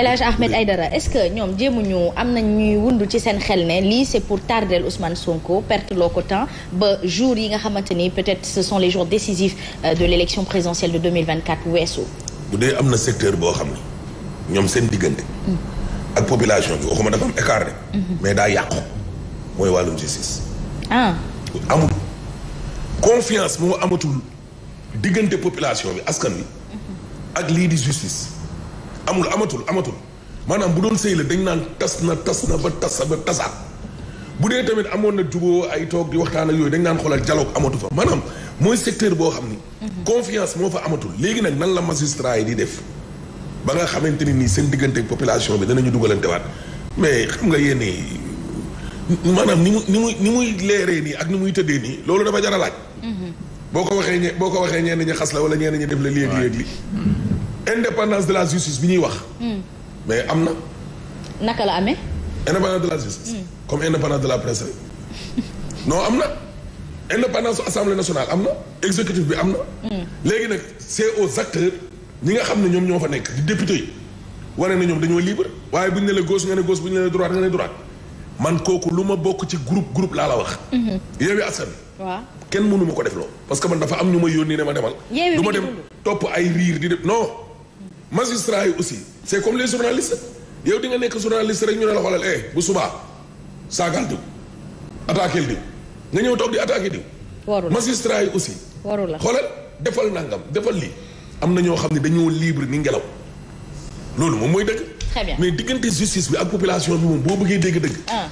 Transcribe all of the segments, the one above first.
El Hadj Ahmed Aïdara est ce que ñoom jéemuñu am nañ ñuy wund ci seen xel ne lii c' est pour tardel Ousmane Sonko perte loo ko temps ba jour yi nga xamante ni peut être ce son les jours décisifs euh, de l' élection présidentielle de 2024 bu dee am na secteur boo xam ni ñoom seen diggante. Hmm. ak population bi waxuma dafa am écart hmm. mais daa yàqu mooy wàllum justice. ah amul confiance moo amatul diggante population bi askan wi. Hmm. ak lii di justice. amul amatul amatul maanaam bu doon sëy la dañ naan tas na tas na ba tas ba tasaat bu dee tamit amoon na juboo ay toog di waxtaan ak yooyu dañ naan xoolal jaloo amatu fa maanaam mooy secteur boo xam ni mhm. confiance moo fa amatul léegi nag nan la magistrat yi di def ba nga xamante ni nii seen diggante population bi danañu dugalante waat mais xam nga yéen maanaam ni mu ni muy ni muy leeree nii ak ni muy tëddee nii loolu dafa jar mhm. boo ko waxee ñe boo ko waxee ñenn ñi xas la wala ñenn ñi def la léegi léegi indépendance de la justice bi ñuy wax. Hmm. mais am na. naka la amee. indépendance de la justice. Hmm. comme indépendance de la presse rek. non am na. indépendance su assemblée nationale am na. exécutif bi am na. Hmm. léegi nag c'est aux acteurs ñi nga xam ne ñoom ñoo fa nekk di député yi wane na ñoom dañoo libre waaye bu ñu ne la gauche nga ne gauche bu ñu ne la droite nga ne droite man kooku lu ma bokk ci groupe groupe laa la wax. Yewwi Askan Wi. waaw kenn mënu ma ko def loo parce que man dafa am ñu ma yónni ne ma demal. du ma dem topp ay riir di def magistrats yi aussi c' est comme les journalistes yow di nga nekk journaliste rek ñu ne la xoolal eh bu subaa saagaal diw diw nga ñëw toog di attaqué diw. warul magistrats aussi. warul la xoolal defal nangam defal lii am na ñoo xam ne dañoo libre ni ngelaw loolu moom mooy dëgg. très mais diggante justice bi ak population bi moom boo bëggee dégg-dëgg. Ah.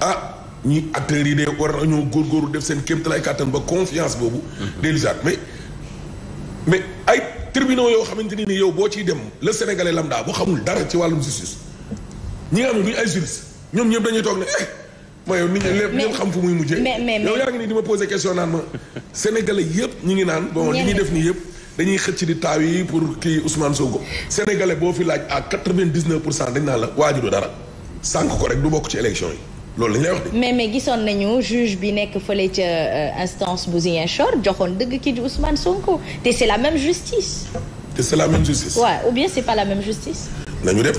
ah. ñi acteurs yi de war nañoo góorgóorlu def seen kéemtalaay kàttan ba confiance boobu. Mm-hmm. dellusaat mais mais ay tribunaux yoo xamante ni yow boo ciy dem le sénégalais lambda bu xamul dara ci wàllum justice ñi nga xam ne duñu ay juriste ñoom ñëpp dañuy toog ne eh mooy yow nit ñi xam fu yaa ngi nii di ma posé question naan ma sénégalais yëpp ñi ngi naan bon li ñuy def nii yëpp dañuy xëcc di taaw yi pour kii Ousmane Sonko sénégalais boo fi laaj à quatre-vingt-dix-neuf pour cent dañ naa la waaju du dara sànq ko rek du bokk ci élection yi loolu lañ mais mais gisoon nañu juge bi nekk fële ca euh, instance bu Ziguinchor joxoon dëgg kii di Ousmane Sonko te c'est la même justice. te c'est la même justice. waaw ou bien c'est pas la même justice. nañu dem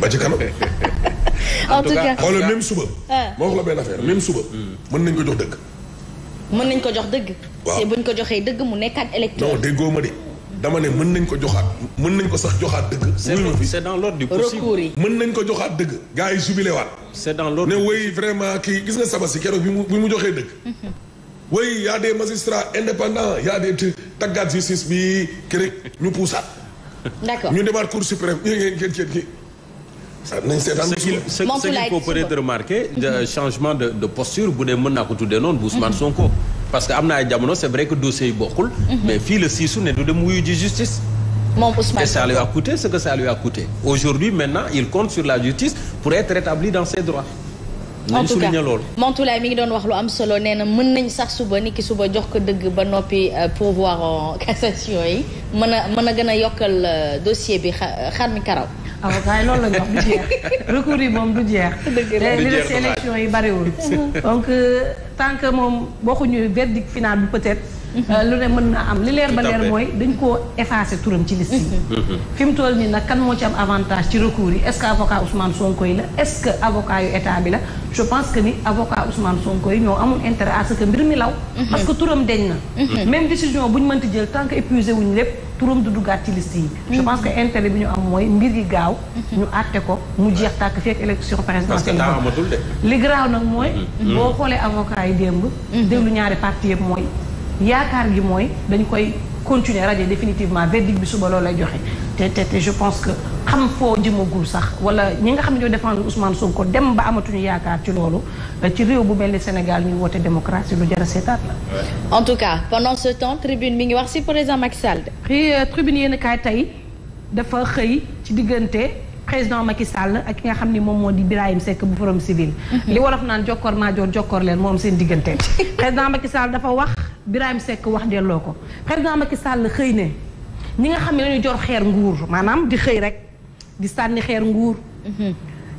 ba ci kanam. en tout cas xoolal même ah. la même suba. Hmm. mën nañ ko jox dëgg. mën nañ ko jox dëgg. waaw te buñ ko joxee dëgg mu nekkaat électeur. non déggoo ma de. dama ne mën nañ ko joxaat mën nañ ko sax joxaat dëgg. c' est dans l' ordre du possible recours yi. mën nañ ko joxaat dëgg. gars yi jubilé waat. c' est dans l' ne woy vraiment kii gis nga saba si keroog bi mu bi mu joxee dëgg. woy y' a des magistrats indépendants y' a des trucs tàggat justice bi kii ñu puusaat. d' accord ñu demaat cour suprême ñu ngi leen kii nañ seetaan ce qu'il faut peut-être remarquer mhm. changement de de posture bu dee mën naa ko tuddee noonu bu Ousmane mhm. Sonko. parce que am na ay jamono c'est vrai que dossiers yi bokkul. Mhm. mais fii la siisu ne du dem wuyu ji justice. moom Ousmane et ça lui a coûté ce que ça lui a coûté. aujourd'hui maintenant il compte sur la justice pour être rétabli dans ses droits. en mi ngi doon wax lu am solo nee na mën nañ sax suba niki suba jox ko dëgg ba noppi euh, pourvoir en cassation yi mën a mën a gën a yokkal euh, dossier bi xar mi karaw. avocats yi loolu la ñu wax du jeex recours yi moom du jeex. te li des élection yi bariwul. Mhm. donc euh, tant que moom waxuñu verdict final bi peut-être. Mhm. Euh, lu ne mën na am li leer ba leer mooy dañ koo effacer turam ci liste yi. Mhm. mu toll nii nag kan moo ci am avantage ci recours yi est-ce que avocat Ousmane Sonko yi la est-ce que avocat yu état bi la je pense que ni avocat Ousmane Sonko yi ñoo amul intérêt à ce que mbir mi law. parce que turam deñ na. même décision bu ñu mënti jël tant que épuisé lépp. turam du duggaat ci liste yi. je pense que intérêt bi ñu am mooy mbir yi gaaw. Mhm. ñu àtte ko mu jeex tàkk fekk élection présidentielle. parce que amatul de. li garaaw nag mooy. Mhm. Mhm. boo xoolee avocat yi démb. déglu ñaari parti yëpp mooy. yaakaar gi mooy dañu koy continuer rajo définitivement verdict bi suba loolu lay joxe te te te je pense que. xam foo jëmagul sax wala ñi nga xam ne ñoo défendre Ousmane ko dem ba amatuñu yaakaar ci loolu euh, ci réew bu mel ni Sénégal ñuy woote démocratie lu jar a seetaat la. en tout cas pendant ce temps tribune mi ngi wax si président Macky Sall. Euh, tribune yéen kaay tey dafa xëy ci diggante président Macky sàll ak ki nga xam ni moom moo di Birahim Seck bu forum civil. Mhm. li waroon naan jokkoor maa joor jokkoor moom seen diggante. président Macky Sall dafa wax Birahim sekk wax delloo ko président Macky Sall xëy ne ñi nga xam ne dañu jor xeer nguur maanaam di xëy rek. di sànni xeer nguur mhm.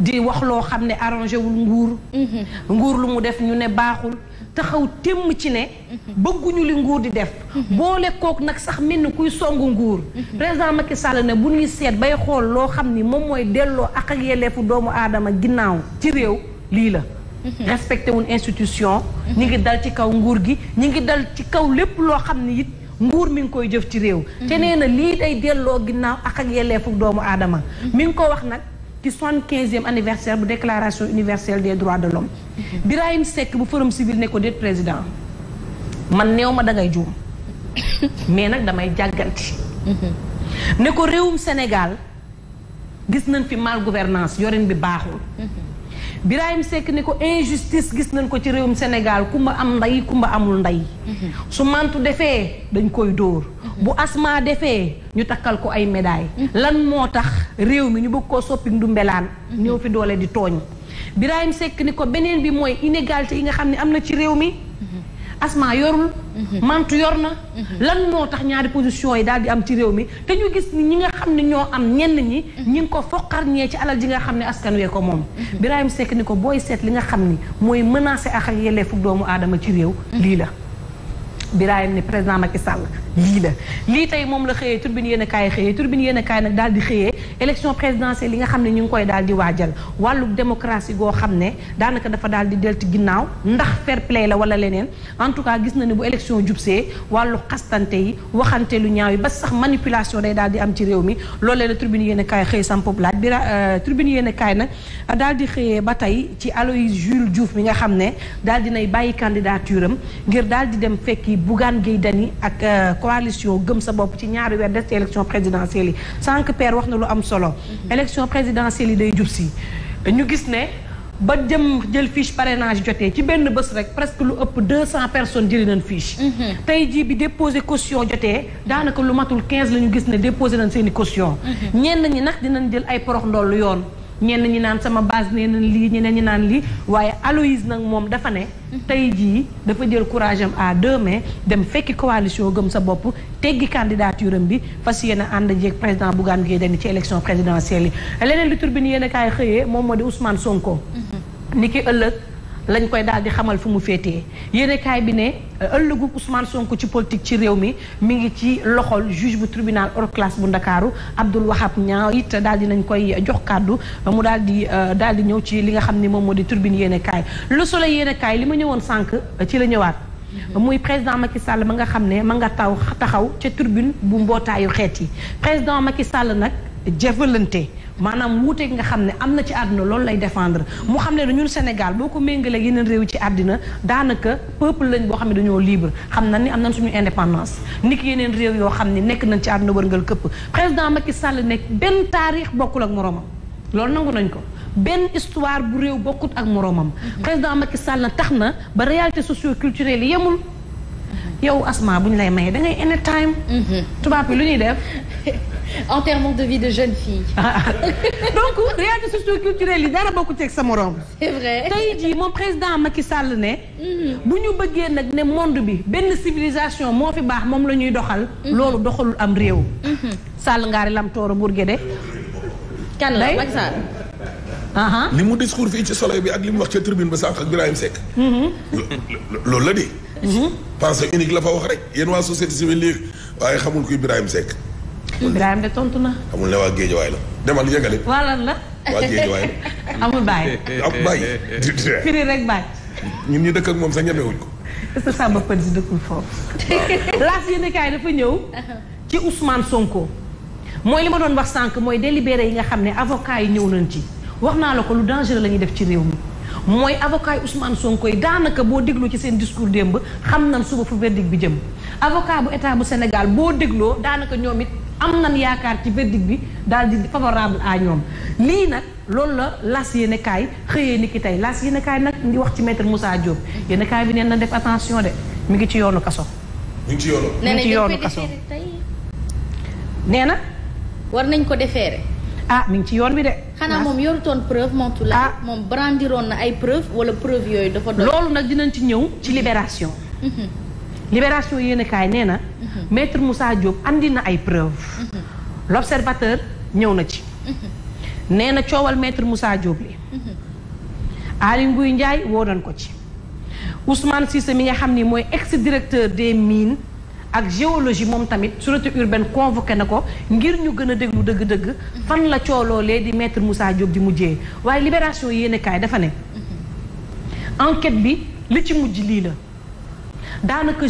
di wax loo xam ne arrangé wul nguur mhm. nguur lu mu def ñu ne baaxul taxaw témm ci ne mhm. bëgguñu li nguur di def boo lekkook nag sax mel ni kuy songu nguur président Macky Sall ne bu ñuy seet bay xool loo xam ni moom mooy delloo ak ak yelleefu doomu aadama ginnaaw ci réew lii la respecté wun institution ñu ngi dal ci kaw nguur gi ñu ngi dal ci kaw lépp loo xam ni it nguur mi ngi koy jëf ci réew te nee na lii day delloo ginnaaw ak ak yelleefu doomu aadama mi ngi ko wax nag ci soixante-quinzième anniversaire bu déclaration universelle des droits de l'homme Birahim Seck bu forum civil ne ko déet président man néew ma dangay juum mais nag damay jàgganti ne ko réewum Sénégal gis nañ fi mal gouvernance yorin bi baaxul Birahim sekk ni ko injustice gis nañ ko ci réewum Sénégal kumba am ndey kumba amul ndey mhm. su mantu defee dañ koy dóor mhm. bu asma defee ñu takkal ko ay médaille mhm. lan moo tax réew mi ñu bëgg koo soppi du mbelaan ñëw fi doole di tooñ Birahim Seck ni ko beneen bi mooy inégalité yi nga xam ne am na ci réew mi asma yorul. Mhm. mantu yor na. Mhm. lan moo tax ñaari position yi daal di am ci réew mi te ñu gis ni ñi nga xam ne ñoo am ñenn ñi. Mhm. ñi ngi ko foqar ñee ci alal ji nga xam ne askan wee ko moom. Birahim sekk ni ko booy seet li nga xam ni mooy menacé ak ak yelleefu doomu aadama ci réew. lii la. Birahim ni président Macky Sall lii la lii tey moom la xëyee turbine yéen kaay xëyee turbine yéen kaay nag daal di xëyee. élection présidentielle yi nga xam ne ñu ngi koy daal di waajal wàllu démocratie goo xam ne daanaka dafa daal di delti ginnaaw ndax fair play la wala leneen en tout cas gis na ne bu élection jubsee wàllu xastante yi waxante lu ñaaw yi ba sax manipulation day daal di am ci réew mi loolee la tribune yéen a kaay xëy sampo laaj bi euh, tribune yéen a kaay nag daal di xëyee ba tey ci Aloïse Jules Diouf mi nga xam ne daal nay bàyyi candidature am ngir daal di dem fekki Bougane Gueye Dany ak euh, coalition gëm sa bopp ci ñaari weer des ci élection présidentielle yi solo. élection présidentielle yi day jub si. ñu gis ne ba jëm jël fiche parrainage jotee ci benn bés rek presque lu ëpp deux cent personnes jëli nañ fiche. Mhm. tey jii bi déposé caution jotee daanaka lu matul quinze la ñu gis ne déposé nañ seen i caution. Mhm. ñenn ñi nax dinañ jël ay porox ndoll yoon. ñenn ñi naan sama base nee nañ lii ñeneen ñi naan lii waaye Aloïse nag moom dafa ne. Mhm. tey jii dafa jël courage am à deux mais dem fekki coalition gëm sa bopp teggi candidature am bi fas yéene ànd jeeg président Bougane Gueye Dany ci élection présidentielle yi leneen lu tur bi ni yéen a kaay xëyee moom moo di Ousmane Sonko. Mhm. ni ki ëllëg. lañ koy daal di xamal fu mu féetee yéenekaay bi ne euh, ëllëgu Ousmane Sonko ci politique ci réew mi mi ngi ci loxol juge bu tribunal hors classe bu Ndakaaru Abdoul Wahab ñaaw it daal di nañ koy jox kàddu mu daal di euh, daal di ñëw ci li nga xam ni moom moo di turbine yéenekaay Le Soleil yéenekaay li ma ñëwoon sànq euh, ci la ñëwaat. muy président Macky Sall ma nga xam ne ma nga taw taxaw ca turbine bu mbootaayu xeet yi président Macky Sall nag. jëfalante maanaam wuute nga xam ne am na ci àdduna loolu lay défendre mu xam ne dañu Sénégal boo ko méngalee ak yeneen réew ci àddina daanaka peuple lañ boo xam ne dañoo libre xam na ni am na suñu indépendance nit yeneen réew yoo xam ne nekk nañ ci àdduna wërngal këpp président Macky Sall nekk benn taarix bokkul ak moroomam loolu nangu nañ ko benn histoire bu réew bokkut ak moroomam président i Sall na tax na ba réalité socio-culturelle yi yemul yow asma bu ñu lay maye da ngay anytime mhm. tubaab yi lu ñuy def enterrement de vie de jeune fille. donc réalité sociale culturelle yi dara bokku ci ak sa morom. c'est vrai tey jii moom président Macky sàll ne. Mm-hmm. bu ñu bëggee nag ne monde bi benn civilisation moo fi baax moom la ñuy doxal. Mm-hmm. loolu doxalul am réew. Mm-hmm. sàll ngaa lam tooro Bourguédé. kan la Macky Sall. li mu discours fii ci soleil bi ak li mu wax ca tribune ba sànq ak Birahim Seck. loolu la de. pensée unique la fa wax rek yéen waa société civile léegi waaye xamul kuy Birahim Seck. Ibrahima de tontu na. amul ne waa Géejawaay la demal yëgale. waa lan la. waa Géejawaay la. amul bàyyi. firi rek bàyyi. ñun ñu dëkk ak moom sax ñemewuñ ko. est si dëkkul foofu. laas yéen kaay dafa ñëw. ci Ousmane Sonko. mooy li ma doon wax sànq mooy délibéré yi nga xam ne avocat yi ñëw nañ ci. wax naa la ko lu dangereux la ñuy def ci réew mi. mooy avocat yu Ousmane Sonko yi daanaka boo dégloo ci seen discours démb xam na suba fu verdict bi jëm. avocat bu état bu Sénégal boo dégloo daanaka ñoom it am nan yaakaar ci verdict bi daal di favorable à ñoom lii nag loolu la las yéen kaay xëyee ni ki tey las yéen kaay nag ngi wax ci maître Moussa Diop yéen kaay bi neen na def attention de mu ngi ci yoonu kaso. mi ngi ci yoonu mi ngi ci kaso nee na. war nañ ko defeere ah mu ngi ci yoon bi de. xanaa moom yorutoon preuve moom laa la ah. moom brandiroon na ay preuve wala preuve yooyu dafa doon. loolu nag dinañ ci ñëw ci libération. Mhm. libération yéenekaay nee na mhm. maître Moussa Diop na ay preuves mhm. l'observateur ñëw na ci mhm. nee na coowal maître Moussa Diop li Aly Ngouille Ndiaye woo nañ ko ci Ousmane Cissé mi nga xam ni mooy ex directeur des miine ak géologie moom tamit sûreté urbaine convoqué na ko ngir ñu gën a déglu dëgg-dëgg fan la cooloo lee di maître Moussa Diop di mujjee waaye libération yéenekaay dafa ne enquête bi li ci mujj lii la daanaka